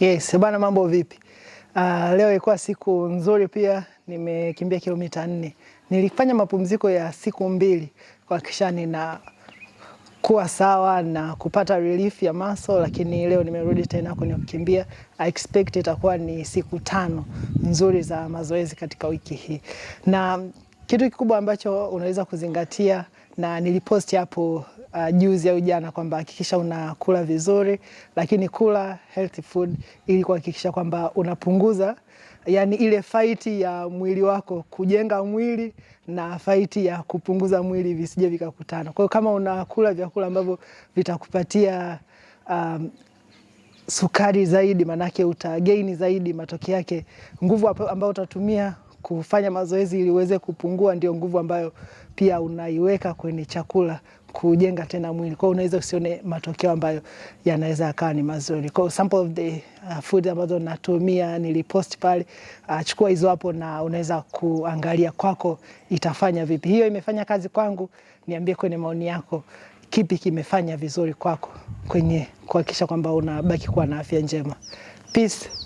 Yes, bwana mambo vipi? Uh, leo ilikuwa siku nzuri pia nimekimbia kilomita nne. Nilifanya mapumziko ya siku mbili kuhakikisha nina kuwa sawa na kupata relief ya maso, lakini leo nimerudi tena kwenye kukimbia. I expect itakuwa ni siku tano nzuri za mazoezi katika wiki hii na kitu kikubwa ambacho unaweza kuzingatia na niliposti hapo uh, juzi au jana kwamba hakikisha unakula vizuri, lakini kula healthy food ili kuhakikisha kwamba unapunguza yani ile faiti ya mwili wako kujenga mwili na faiti ya kupunguza mwili visije vikakutana. Kwa hiyo kama unakula vyakula ambavyo vitakupatia um, sukari zaidi, manake utageini zaidi, matokeo yake nguvu ambayo utatumia kufanya mazoezi ili uweze kupungua, ndio nguvu ambayo pia unaiweka kwenye chakula kujenga tena mwili. Kwa hiyo unaweza usione matokeo ambayo yanaweza yakawa ni mazuri. Kwa hiyo sample of the uh, food ambazo natumia nilipost pale, uh, chukua hizo hapo na unaweza kuangalia kwako itafanya vipi. Hiyo imefanya kazi kwangu, niambie kwenye maoni yako kipi kimefanya vizuri kwako kwenye kuhakikisha kwamba unabaki kuwa na afya njema. Peace.